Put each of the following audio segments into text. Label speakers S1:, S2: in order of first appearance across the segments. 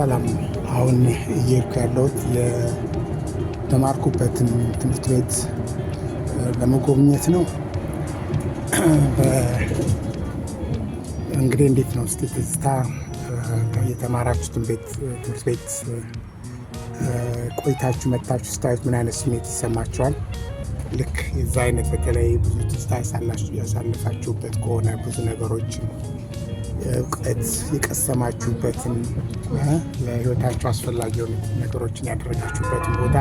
S1: ሰላም አሁን እየሄድኩ ያለሁት የተማርኩበትን ትምህርት ቤት ለመጎብኘት ነው። እንግዲህ እንዴት ነው እስኪ ትዝታ የተማራችሁትን ቤት ትምህርት ቤት ቆይታችሁ መታችሁ ስታዩት ምን አይነት ስሜት ይሰማችኋል? ልክ የዛ አይነት በተለይ ብዙ ትዝታ ያሳልፋችሁበት ከሆነ ብዙ ነገሮች እውቀት የቀሰማችሁበትን ለህይወታችሁ አስፈላጊ የሆኑ ነገሮችን ያደረጋችሁበትን ቦታ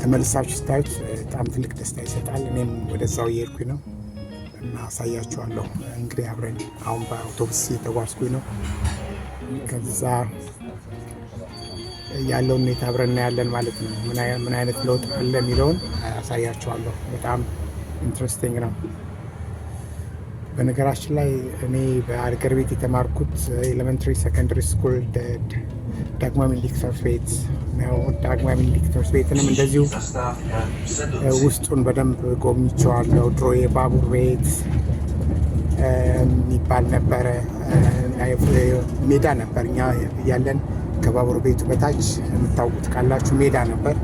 S1: ተመልሳችሁ ስታዩት በጣም ትልቅ ደስታ ይሰጣል። እኔም ወደዛው እየሄድኩኝ ነው እና አሳያችኋለሁ። እንግዲህ አብረን አሁን በአውቶቡስ እየተጓዝኩኝ ነው። ከዛ ያለውን ሁኔታ አብረን እናያለን ማለት ነው። ምን አይነት ለውጥ አለ የሚለውን አሳያችኋለሁ በጣም ኢንትረስቲንግ ነው። በነገራችን ላይ እኔ በአገር ቤት የተማርኩት ኤሌመንታሪ ሰከንደሪ ስኩል ዳግማ ምኒልክ ትምህርት ቤት ነው። ዳግማዊ ምኒልክ ትምህርት ቤትንም እንደዚሁ ውስጡን በደንብ ጎብኝቼዋለሁ። ድሮ የባቡር ቤት የሚባል ነበረ፣ ሜዳ ነበር። እኛ ያለን ከባቡር ቤቱ በታች የምታውቁት ካላችሁ ሜዳ ነበር።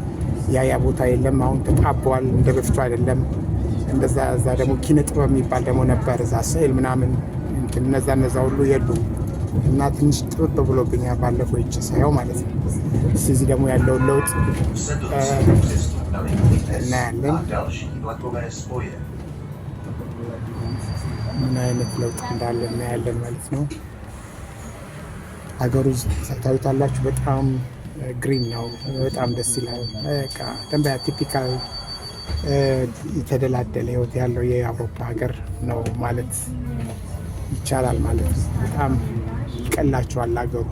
S1: ያ ያ ቦታ የለም፣ አሁን ተጣቧል። እንደ በፊቱ አይደለም። እንደዛ እዛ ደግሞ ኪነ ጥበብ የሚባል ደግሞ ነበር እዛ ስዕል ምናምን እነዛ እነዛ ሁሉ የሉ እና ትንሽ ጥብብ ብሎብኛል ባለፈው ይች ሳየው ማለት ነው። እዚህ ደግሞ ያለውን ለውጥ እናያለን። ምን አይነት ለውጥ እንዳለ እናያለን ማለት ነው። ሀገሩ ታዩታላችሁ። በጣም ግሪን ነው። በጣም ደስ ይላል። ደንበያ ቲፒካል የተደላደለ ህይወት ያለው የአውሮፓ ሀገር ነው ማለት ይቻላል ማለት በጣም ይቀላቸዋል ሀገሩ።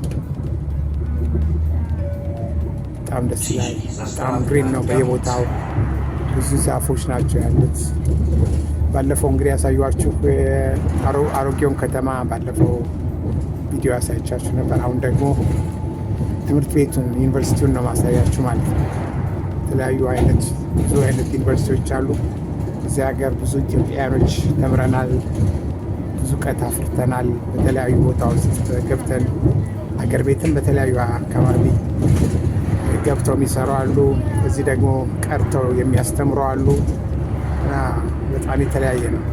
S1: በጣም ደስ ይላል። በጣም ግሪን ነው በየቦታው ብዙ ዛፎች ናቸው ያሉት። ባለፈው እንግዲህ ያሳዩችሁ አሮጌውን ከተማ ባለፈው ቪዲዮ ያሳያቻችሁ ነበር። አሁን ደግሞ ትምህርት ቤቱን ዩኒቨርሲቲውን ነው ማሳያችሁ ማለት ነው። የተለያዩ አይነት ብዙ አይነት ዩኒቨርሲቲዎች አሉ። እዚህ ሀገር ብዙ ኢትዮጵያኖች ተምረናል፣ ብዙ እውቀት አፍርተናል። በተለያዩ ቦታ ውስጥ ገብተን ሀገር ቤትም በተለያዩ አካባቢ ገብተው የሚሰሩ አሉ። እዚህ ደግሞ ቀርተው የሚያስተምሩ አሉ እና በጣም የተለያየ ነው።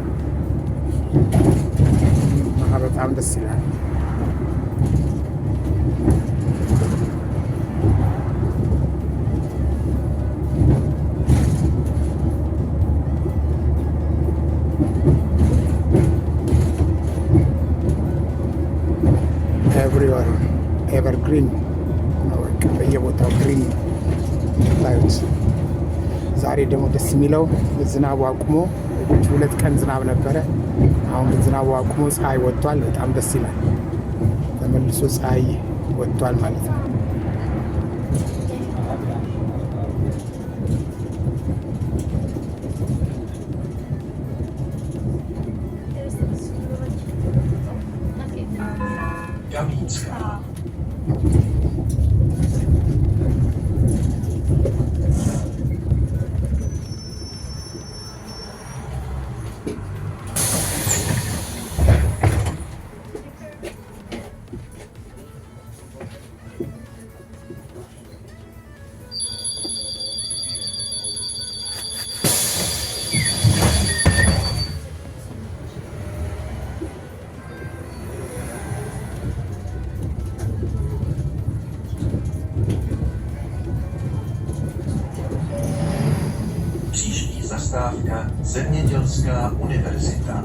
S1: በጣም ደስ ይላል። የሚለው ዝናቡ አቁሞ ሁለት ቀን ዝናብ ነበረ። አሁን ግን ዝናቡ አቁሞ ፀሐይ ወጥቷል። በጣም ደስ ይላል። ተመልሶ ፀሐይ ወጥቷል ማለት ነው።
S2: Universidad. universidad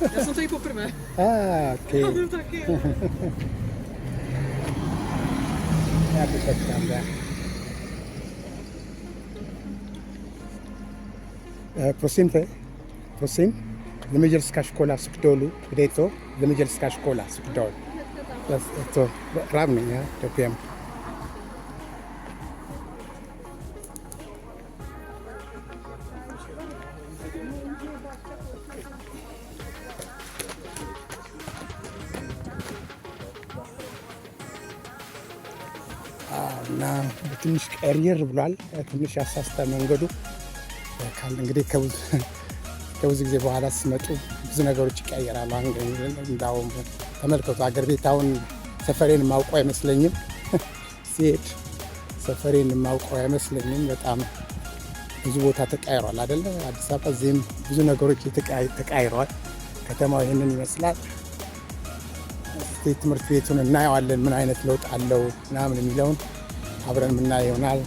S3: Eu sono tipo per primeiro.
S1: Ah, ok. Ho dovuto anche io. Ah, che c'è andare. ፕሮሲን ፕሮሲን ንመጀርስካ ሽኮላ ስክደሉ ብደቶ ንመጀርስካ ሽኮላ ስክደሉ ራብ ነው ያ ደኩያም እና ትንሽ ቀሪር ብሏል። ትንሽ ያሳስተ መንገዱ እንግዲህ ከብዙ ጊዜ በኋላ ሲመጡ ብዙ ነገሮች ይቀየራሉ። እንዳሁን ተመልከቱ፣ አገር ቤት አሁን ሰፈሬን የማውቀው አይመስለኝም። ሲሄድ ሰፈሬን የማውቀው አይመስለኝም። በጣም ብዙ ቦታ ተቃይሯል አይደለ? አዲስ አበባ እዚህም ብዙ ነገሮች ተቃይረዋል። ከተማው ይህንን ይመስላል። ትምህርት ቤቱን እናየዋለን፣ ምን አይነት ለውጥ አለው ምናምን የሚለውን አብረን ምናይ ይሆናል።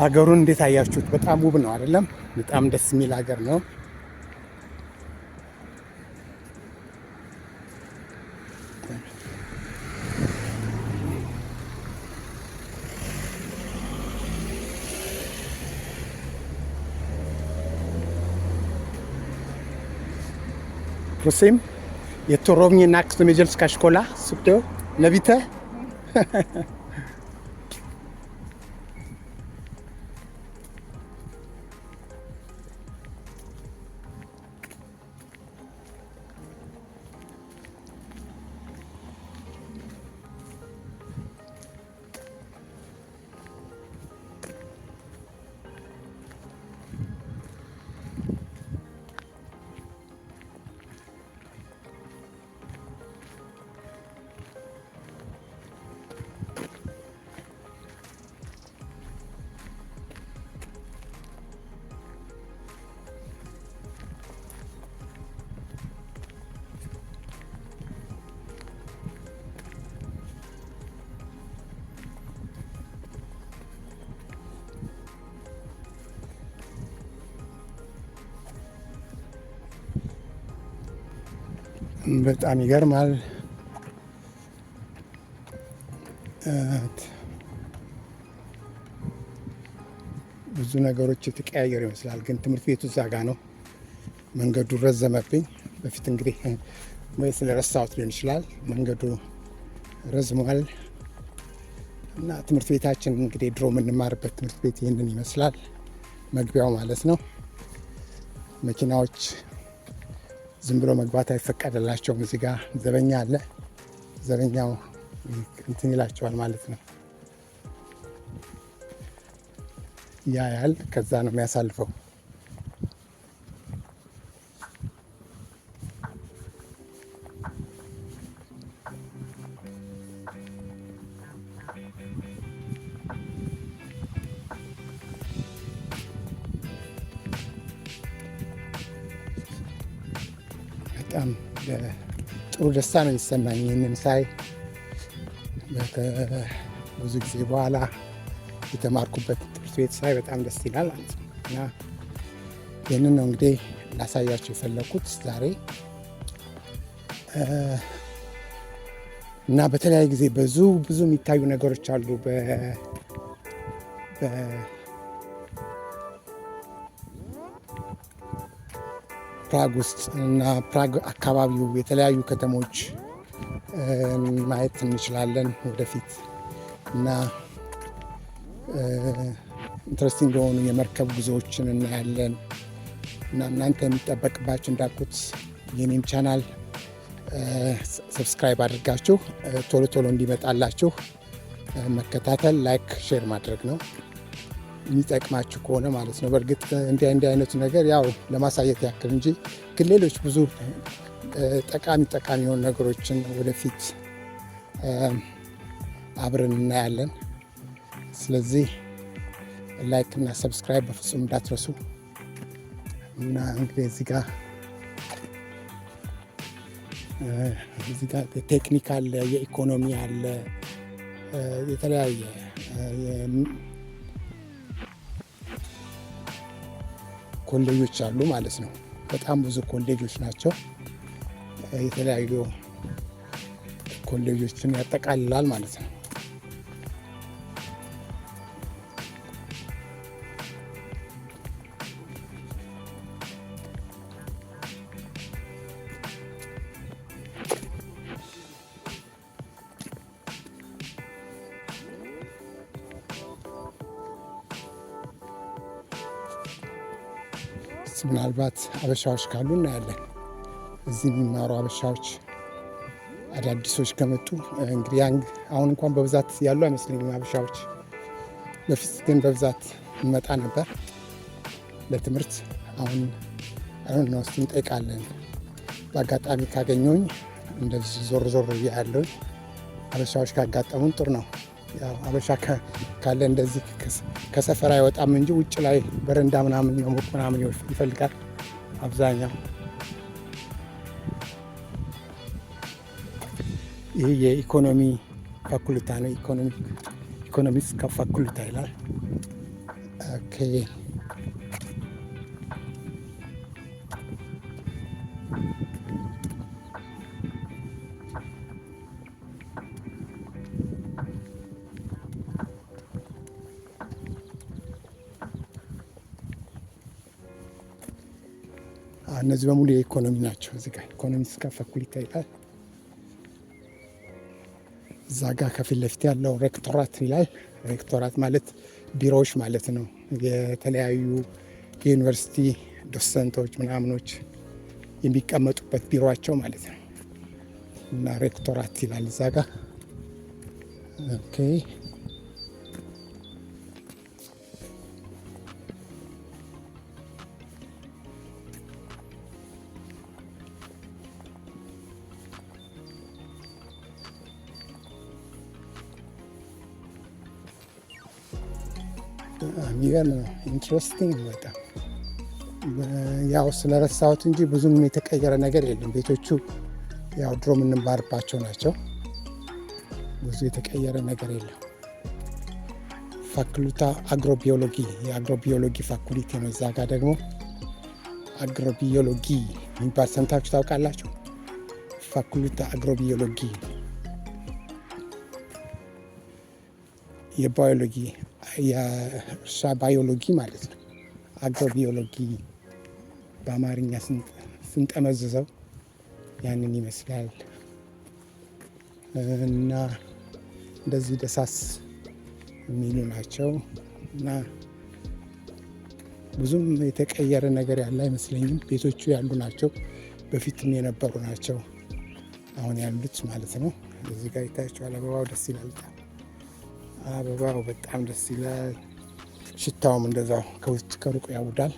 S1: ሀገሩን እንዴት አያችሁት? በጣም ውብ ነው አይደለም? በጣም ደስ የሚል ሀገር ነው። prosím, je to rovně na zemědělská škola, super, nevíte? በጣም ይገርማል። ብዙ ነገሮች የተቀያየሩ ይመስላል። ግን ትምህርት ቤቱ እዛ ጋ ነው። መንገዱ ረዘመብኝ። በፊት እንግዲህ ወይ ስለረሳሁት ሊሆን ይችላል መንገዱ ረዝሟል። እና ትምህርት ቤታችን እንግዲህ ድሮ የምንማርበት ትምህርት ቤት ይህንን ይመስላል። መግቢያው ማለት ነው መኪናዎች ዝም ብሎ መግባት አይፈቀደላቸውም። እዚህ ጋ ዘበኛ አለ። ዘበኛው እንትን ይላቸዋል ማለት ነው። ያ ከዛ ነው የሚያሳልፈው። ጥሩ ደስታ ነው የሚሰማኝ ይህንን ሳይ ብዙ ጊዜ በኋላ የተማርኩበት ትምህርት ቤት ሳይ በጣም ደስ ይላል እና ይህንን ነው እንግዲህ ላሳያቸው የፈለግኩት ዛሬ እና በተለያየ ጊዜ ብዙ ብዙ የሚታዩ ነገሮች አሉ ፕራግ ውስጥ እና ፕራግ አካባቢው የተለያዩ ከተሞች ማየት እንችላለን ወደፊት እና ኢንትረስቲንግ የሆኑ የመርከብ ጉዞዎችን እናያለን እና እናንተ የሚጠበቅባቸው እንዳልኩት የኔን ቻናል ሰብስክራይብ አድርጋችሁ ቶሎ ቶሎ እንዲመጣላችሁ መከታተል፣ ላይክ፣ ሼር ማድረግ ነው። የሚጠቅማችሁ ከሆነ ማለት ነው። በእርግጥ እንዲ እንዲ አይነቱ ነገር ያው ለማሳየት ያክል እንጂ ግን ሌሎች ብዙ ጠቃሚ ጠቃሚ የሆኑ ነገሮችን ወደፊት አብረን እናያለን። ስለዚህ ላይክ እና ሰብስክራይብ በፍጹም እንዳትረሱ እና እንግዲህ እዚህ ጋር እዚህ ጋር ቴክኒክ አለ፣ የኢኮኖሚ አለ፣ የተለያየ ኮሌጆች አሉ ማለት ነው። በጣም ብዙ ኮሌጆች ናቸው። የተለያዩ ኮሌጆችን ያጠቃልላል ማለት ነው። ምናልባት አበሻዎች ካሉ እናያለን። እዚህ የሚማሩ አበሻዎች አዳዲሶች ከመጡ እንግዲህ አሁን እንኳን በብዛት ያሉ አይመስለኝም አበሻዎች። በፊት ግን በብዛት እንመጣ ነበር ለትምህርት። አሁን አሁን ነው እንጠይቃለን። በአጋጣሚ ካገኘውኝ እንደዚህ ዞር ዞር ያለውኝ አበሻዎች ካጋጠሙን ጥሩ ነው። አበሻ ካለ እንደዚህ ከሰፈር አይወጣም እንጂ ውጭ ላይ በረንዳ ምናምን መሞቅ ምናምን ይፈልጋል። አብዛኛው ይህ የኢኮኖሚ ፋኩልታ ነው። ኢኮኖሚክስ ከፋኩልታ ይላል። እነዚህ በሙሉ የኢኮኖሚ ናቸው። እዚህ ጋር ኢኮኖሚ እስከ ፈኩል እዛ ጋር ከፊት ለፊት ያለው ሬክቶራት ይላል። ሬክቶራት ማለት ቢሮዎች ማለት ነው። የተለያዩ የዩኒቨርሲቲ ዶሰንቶች ምናምኖች የሚቀመጡበት ቢሮቸው ማለት ነው እና ሬክቶራት ይላል እዛ ጋር ኦኬ የሚገርም ነው። ኢንትረስቲንግ በጣም ያው ስለረሳሁት እንጂ ብዙም የተቀየረ ነገር የለም። ቤቶቹ ያው ድሮ የምንማርባቸው ናቸው። ብዙ የተቀየረ ነገር የለም። ፋኩልታ አግሮቢዮሎጂ የአግሮቢዮሎጂ ፋኩሊቲ ነው። እዛ ጋር ደግሞ አግሮቢዮሎጂ የሚባል ሰምታችሁ ታውቃላችሁ? ፋኩልታ አግሮቢዮሎጂ የባዮሎጂ የእርሻ ባዮሎጂ ማለት ነው። አግሮ ቢዮሎጂ በአማርኛ ስንጠመዝዘው ያንን ይመስላል እና እንደዚህ ደሳስ የሚሉ ናቸው እና ብዙም የተቀየረ ነገር ያለ አይመስለኝም። ቤቶቹ ያሉ ናቸው፣ በፊትም የነበሩ ናቸው አሁን ያሉት ማለት ነው። እዚህ ጋር ይታያቸዋል። አበባው ደስ ይላል። አበባው በጣም ደስ ይላል። ሽታውም እንደዛው ከውስጥ ከሩቅ ያውዳል።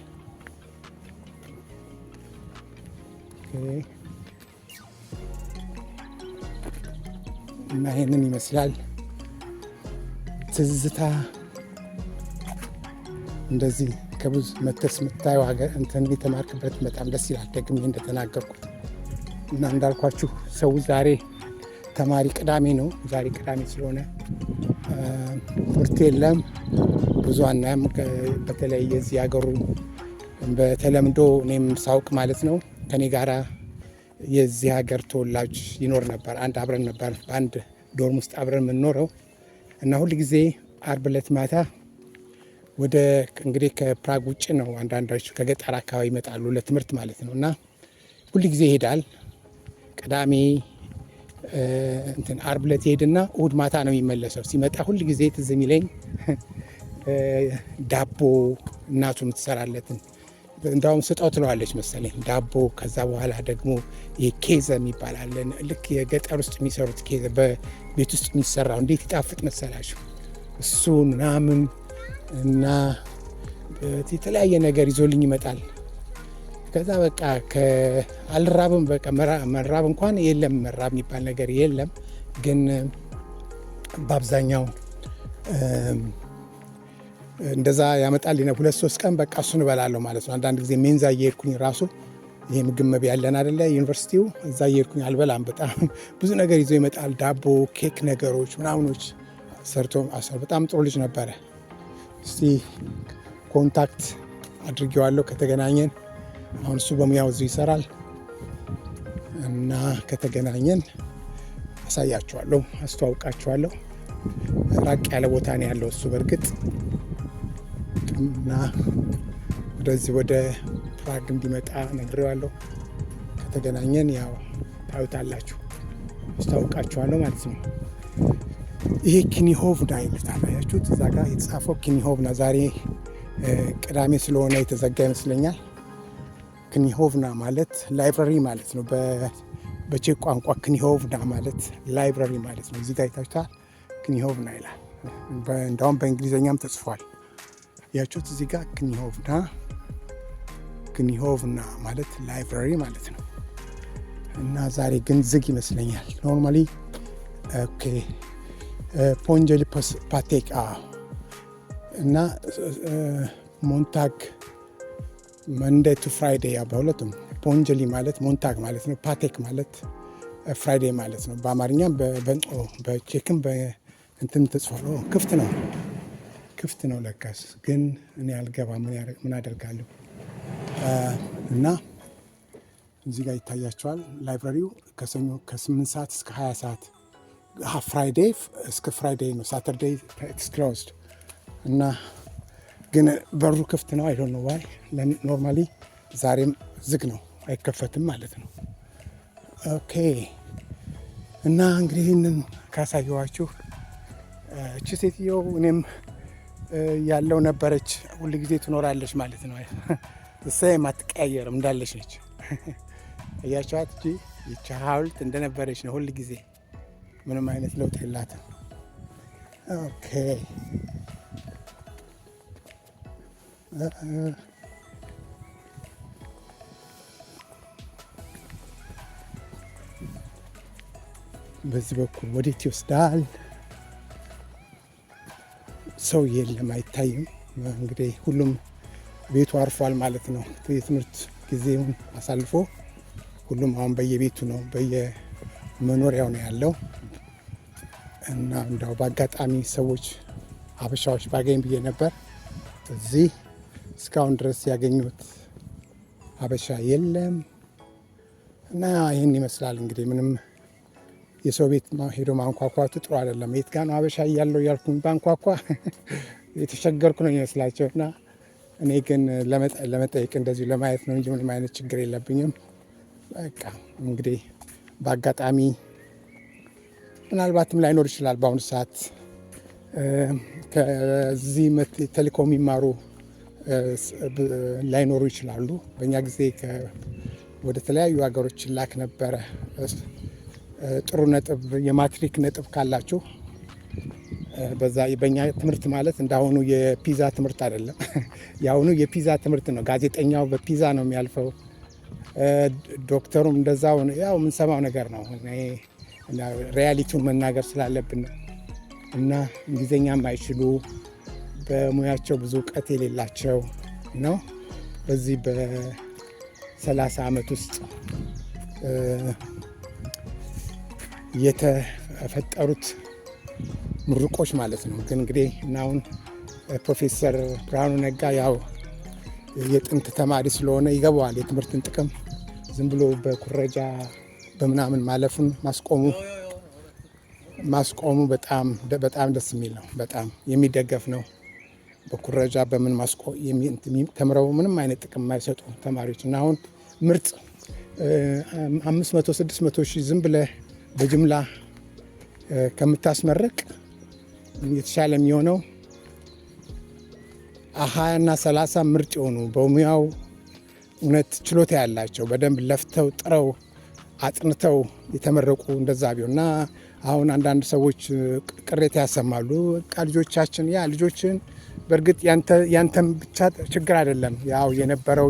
S1: እና ይህንን ይመስላል ትዝታ። እንደዚህ ከብዙ መተስ የምታየው ሀገር እንትን የተማርክበት በጣም ደስ ይላል። ደግሜ እንደተናገርኩት እና እንዳልኳችሁ ሰው ዛሬ ተማሪ ቅዳሜ ነው። ዛሬ ቅዳሜ ስለሆነ ትምህርት የለም ብዙ አናም በተለይ የዚህ ሀገሩ በተለምዶ እኔም ሳውቅ ማለት ነው ከኔ ጋራ የዚህ ሀገር ተወላጅ ይኖር ነበር። አንድ አብረን ነበር በአንድ ዶርም ውስጥ አብረን የምንኖረው እና ሁል ጊዜ አርብ ዕለት ማታ ወደ እንግዲህ ከፕራግ ውጭ ነው አንዳንዶች ከገጠር አካባቢ ይመጣሉ ለትምህርት ማለት ነው እና ሁል ጊዜ ይሄዳል ቅዳሜ እንትን አርብ ዕለት ይሄድና እሁድ ማታ ነው የሚመለሰው። ሲመጣ ሁል ጊዜ ትዝ የሚለኝ ዳቦ እናቱ የምትሰራለትን እንዳውም ስጠው ትለዋለች መሰለኝ ዳቦ። ከዛ በኋላ ደግሞ ኬዘ የሚባል አለ። ልክ የገጠር ውስጥ የሚሰሩት ኬዘ በቤት ውስጥ የሚሰራው እንዴት ይጣፍጥ መሰላችሁ! እሱ ምናምን እና የተለያየ ነገር ይዞልኝ ይመጣል። ከዛ በቃ አልራብም፣ በቃ መራብ እንኳን የለም፣ መራብ የሚባል ነገር የለም። ግን በአብዛኛው እንደዛ ያመጣል ሁለት ሶስት ቀን በቃ እሱን እበላለሁ ማለት ነው። አንዳንድ ጊዜ ሜንዛ እየሄድኩኝ ራሱ ይሄ ምግብ መብ ያለን አደለ ዩኒቨርሲቲው እዛ እየሄድኩኝ አልበላም። በጣም ብዙ ነገር ይዞ ይመጣል። ዳቦ፣ ኬክ ነገሮች ምናምኖች ሰርቶ አሰር በጣም ጥሩ ልጅ ነበረ። እስቲ ኮንታክት አድርጌዋለሁ ከተገናኘን አሁን እሱ በሙያው እዚሁ ይሰራል እና ከተገናኘን አሳያችኋለሁ፣ አስተዋውቃችኋለሁ። ራቅ ያለ ቦታ ነው ያለው እሱ በእርግጥ እና ወደዚህ ወደ ፕራግ እንዲመጣ ነግሬዋለሁ። ከተገናኘን ያው ታዩታላችሁ፣ አስተዋውቃችኋለሁ ማለት ነው። ይሄ ኪኒሆቭ ይሉታል። አያችሁት? እዛ ጋር የተጻፈው ና ዛሬ ቅዳሜ ስለሆነ የተዘጋ ይመስለኛል። ክኒሆቭና ማለት ላይብራሪ ማለት ነው። በቼክ ቋንቋ ክኒሆቭና ማለት ላይብራሪ ማለት ነው። እዚህ ጋር ይታችኋል፣ ክኒሆቭና ይላል። እንዳውም በእንግሊዝኛም ተጽፏል። ያችሁት እዚህ ጋር ክኒሆቭና ክኒሆቭና ማለት ላይብራሪ ማለት ነው። እና ዛሬ ግን ዝግ ይመስለኛል። ኖርማሊ ፖንጀሊ ፓቴክ እና ሞንታግ መንዴ ቱ ፍራይዴ በሁለቱም ቦንጀሊ ማለት ሞንታግ ማለት ነው። ፓቴክ ማለት ፍራይዴ ማለት ነው። በአማርኛም በቼክም እንትን ተጽፏል። ክፍት ነው ክፍት ነው ለካስ። ግን እኔ አልገባ ምን አደርጋለሁ እና እዚህ ጋር ይታያቸዋል። ላይብራሪው ከሰኞ ከ8 ሰዓት እስከ 20 ሰዓት ፍራይዴ እስከ ፍራይዴ ነው። ሳተርዴይ ኢትስ ክሎዝድ እና ግን በሩ ክፍት ነው። አይዶን ነው ዋይ ኖርማሊ ዛሬም ዝግ ነው፣ አይከፈትም ማለት ነው። ኦኬ እና እንግዲህ ይህንን ካሳየዋችሁ እቺ ሴትየው እኔም ያለው ነበረች፣ ሁል ጊዜ ትኖራለች ማለት ነው። እሳ የማትቀያየርም እንዳለች ነች። እያቸዋት እ ይቺ ሀውልት እንደነበረች ነው ሁል ጊዜ ምንም አይነት ለውጥ የላትም። ኦኬ በዚህ በኩል ወዴት ይወስዳል? ሰው የለም፣ አይታይም። እንግዲህ ሁሉም ቤቱ አርፏል ማለት ነው። የትምህርት ጊዜውን አሳልፎ ሁሉም አሁን በየቤቱ ነው በየመኖሪያው ነው ያለው እና እንደው በአጋጣሚ ሰዎች አበሻዎች ባገኝ ብዬ ነበር እዚህ እስካሁን ድረስ ያገኙት ሀበሻ የለም እና ይህን ይመስላል እንግዲህ ምንም የሰው ቤት ሄዶ ማንኳኳቱ ጥሩ አይደለም። የት ጋ ነው ሀበሻ እያለው እያልኩኝ ባንኳኳ የተሸገርኩ ነው ይመስላቸው እና እኔ ግን ለመጠየቅ እንደዚሁ ለማየት ነው እንጂ ምንም አይነት ችግር የለብኝም። በቃ እንግዲህ በአጋጣሚ ምናልባትም ላይኖር ይችላል በአሁኑ ሰዓት ከዚህ ቴሌኮም የሚማሩ ላይኖሩ ይችላሉ። በእኛ ጊዜ ወደ ተለያዩ ሀገሮች ላክ ነበረ። ጥሩ ነጥብ የማትሪክ ነጥብ ካላችሁ በዛ በእኛ ትምህርት ማለት እንደአሁኑ የፒዛ ትምህርት አይደለም። የአሁኑ የፒዛ ትምህርት ነው። ጋዜጠኛው በፒዛ ነው የሚያልፈው፣ ዶክተሩም እንደዛው። ያው የምንሰማው ነገር ነው። ሪያሊቲውን መናገር ስላለብን እና እንግሊዝኛም አይችሉ በሙያቸው ብዙ እውቀት የሌላቸው ነው። በዚህ በ30 ዓመት ውስጥ የተፈጠሩት ምሩቆች ማለት ነው። ግን እንግዲህ እናሁን ፕሮፌሰር ብርሃኑ ነጋ ያው የጥንት ተማሪ ስለሆነ ይገባዋል የትምህርትን ጥቅም ዝም ብሎ በኩረጃ በምናምን ማለፉን ማስቆሙ ማስቆሙ በጣም ደስ የሚል ነው። በጣም የሚደገፍ ነው። በኩረጃ በምን ማስቆ ተምረው ምንም አይነት ጥቅም የማይሰጡ ተማሪዎች እና አሁን ምርጥ 500 መቶ ሺህ ዝም ብለህ በጅምላ ከምታስመረቅ የተሻለ የሚሆነው ሀያ እና ሰላሳ ምርጥ የሆኑ በሙያው እውነት ችሎታ ያላቸው በደንብ ለፍተው ጥረው አጥንተው የተመረቁ እንደዛ ቢሆን እና አሁን አንዳንድ ሰዎች ቅሬታ ያሰማሉ። ልጆቻችን ያ ልጆችን በእርግጥ ያንተም ብቻ ችግር አይደለም። ያው የነበረው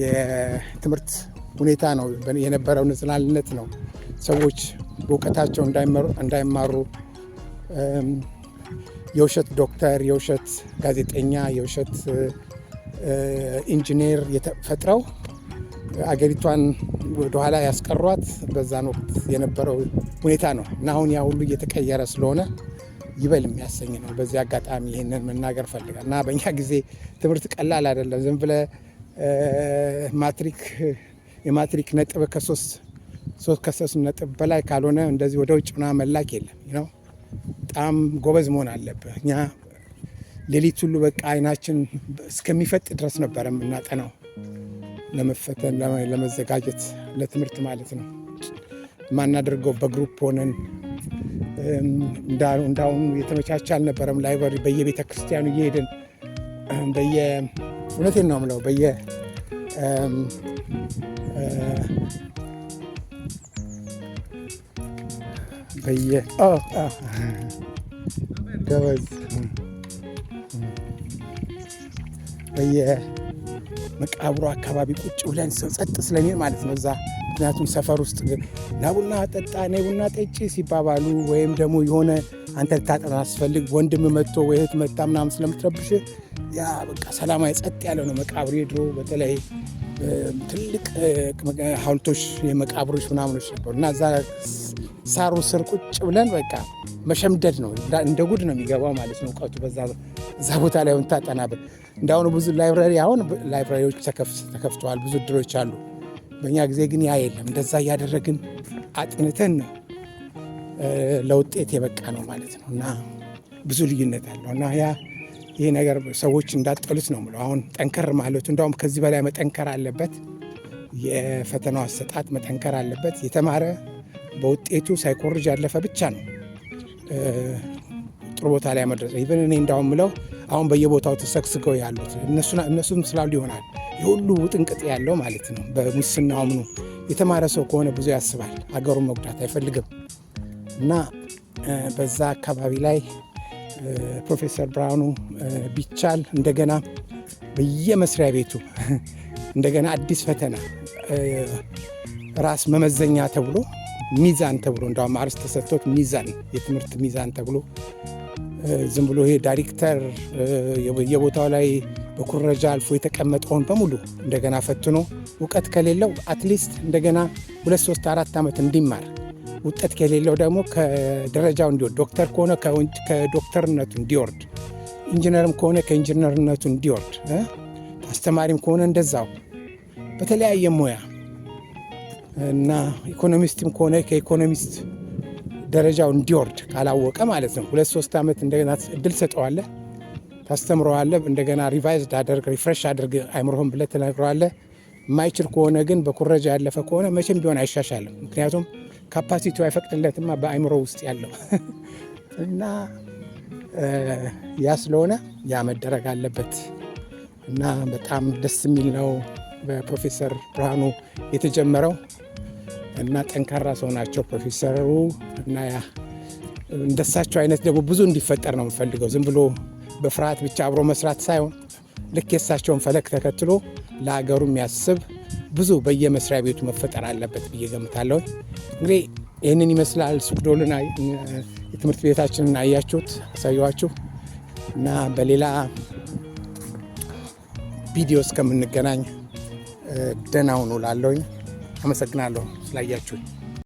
S1: የትምህርት ሁኔታ ነው የነበረው ንጽናልነት ነው። ሰዎች በእውቀታቸው እንዳይማሩ የውሸት ዶክተር፣ የውሸት ጋዜጠኛ፣ የውሸት ኢንጂነር የተፈጥረው አገሪቷን ወደኋላ ያስቀሯት በዛን ወቅት የነበረው ሁኔታ ነው እና አሁን ያ ሁሉ እየተቀየረ ስለሆነ ይበል የሚያሰኝ ነው። በዚህ አጋጣሚ ይህንን መናገር ፈልጋል እና በእኛ ጊዜ ትምህርት ቀላል አይደለም። ዝም ብለ ማትሪክ የማትሪክ ነጥብ ከሶስት ከሶስት ነጥብ በላይ ካልሆነ እንደዚህ ወደ ውጭ ምናምን መላክ የለም ነው። በጣም ጎበዝ መሆን አለብህ። እኛ ሌሊት ሁሉ በቃ አይናችን እስከሚፈጥ ድረስ ነበረ የምናጠናው ለመፈተን ለመዘጋጀት ለትምህርት ማለት ነው። ማናደርገው በግሩፕ ሆነን እንዳሁኑ የተመቻቸ አልነበረም። ላይብራሪ በየቤተ ክርስቲያኑ እየሄድን እውነቴን ነው የምለው በየ በየ በየ መቃብሩ አካባቢ ቁጭ ብለን ጸጥ ስለሚል ማለት ነው እዛ ምክንያቱም ሰፈር ውስጥ ናቡና ጠጣ ነ ቡና ጠጭ ሲባባሉ ወይም ደግሞ የሆነ አንተ ልታጠና አስፈልግ ወንድም መጥቶ ወይ እህት መጣ ምናምን ስለምትረብሽ ያ በቃ ሰላማዊ ጸጥ ያለው ነው መቃብሩ ድሮ በተለይ ትልቅ ሀውልቶች የመቃብሮች ምናምኖች ነበሩ እና እዛ ሳሩ ስር ቁጭ ብለን በቃ መሸምደድ ነው እንደ ጉድ ነው የሚገባው ማለት ነው እውቀቱ በዛ ቦታ ላይ ታጠናበት እንደ አሁኑ ብዙ ላይብራሪ አሁን ላይብራሪዎች ተከፍተዋል፣ ብዙ እድሎች አሉ። በእኛ ጊዜ ግን ያ የለም። እንደዛ እያደረግን አጥንተን ነው ለውጤት የበቃ ነው ማለት ነው። እና ብዙ ልዩነት አለው እና ያ ይህ ነገር ሰዎች እንዳጠሉት ነው ምለው አሁን ጠንከር ማለቱ እንዳውም ከዚህ በላይ መጠንከር አለበት። የፈተናው አሰጣጥ መጠንከር አለበት። የተማረ በውጤቱ ሳይኮርጅ ያለፈ ብቻ ነው ጥሩ ቦታ ላይ መድረስ ኢቨን እኔ እንዳሁም ምለው አሁን በየቦታው ተሰግስገው ያሉት እነሱም ስላሉ ይሆናል የሁሉ ውጥንቅጥ ያለው ማለት ነው። በሙስና አምኑ የተማረ ሰው ከሆነ ብዙ ያስባል፣ አገሩን መጉዳት አይፈልግም እና በዛ አካባቢ ላይ ፕሮፌሰር ብርሃኑ ቢቻል እንደገና በየመስሪያ ቤቱ እንደገና አዲስ ፈተና ራስ መመዘኛ ተብሎ ሚዛን ተብሎ እንዲያውም አርዕስት ተሰጥቶት ሚዛን የትምህርት ሚዛን ተብሎ ዝም ብሎ ይሄ ዳይሬክተር የቦታው ላይ በኩረጃ አልፎ የተቀመጠውን በሙሉ እንደገና ፈትኖ እውቀት ከሌለው አትሊስት እንደገና ሁለት ሶስት አራት ዓመት እንዲማር ውጠት ከሌለው ደግሞ ከደረጃው እንዲወርድ፣ ዶክተር ከሆነ ከዶክተርነቱ እንዲወርድ፣ ኢንጂነርም ከሆነ ከኢንጂነርነቱ እንዲወርድ፣ አስተማሪም ከሆነ እንደዛው በተለያየ ሙያ እና ኢኮኖሚስትም ከሆነ ከኢኮኖሚስት ደረጃው እንዲወርድ ካላወቀ ማለት ነው። ሁለት ሶስት ዓመት እንደገና እድል ሰጠዋለህ፣ ታስተምረዋለህ፣ እንደገና ሪቫይዝ አድርግ፣ ሪፍሬሽ አድርግ አይምሮህን ብለህ ትነግረዋለህ። የማይችል ከሆነ ግን በኩረጃ ያለፈ ከሆነ መቼም ቢሆን አይሻሻልም። ምክንያቱም ካፓሲቲው አይፈቅድለትማ በአይምሮ ውስጥ ያለው እና ያ ስለሆነ ያ መደረግ አለበት እና በጣም ደስ የሚል ነው በፕሮፌሰር ብርሃኑ የተጀመረው እና ጠንካራ ሰው ናቸው ፕሮፌሰሩ እና እንደሳቸው አይነት ደግሞ ብዙ እንዲፈጠር ነው የምፈልገው። ዝም ብሎ በፍርሃት ብቻ አብሮ መስራት ሳይሆን ልክ የሳቸውን ፈለግ ተከትሎ ለሀገሩ የሚያስብ ብዙ በየመስሪያ ቤቱ መፈጠር አለበት ብዬ ገምታለሁ። እንግዲህ ይህንን ይመስላል። ሱቅዶልና የትምህርት ቤታችንን አያችሁት፣ አሳየኋችሁ እና በሌላ ቪዲዮ እስከምንገናኝ ደህና ሁኑ እላለሁኝ። አመሰግናለሁ ስላያችሁኝ።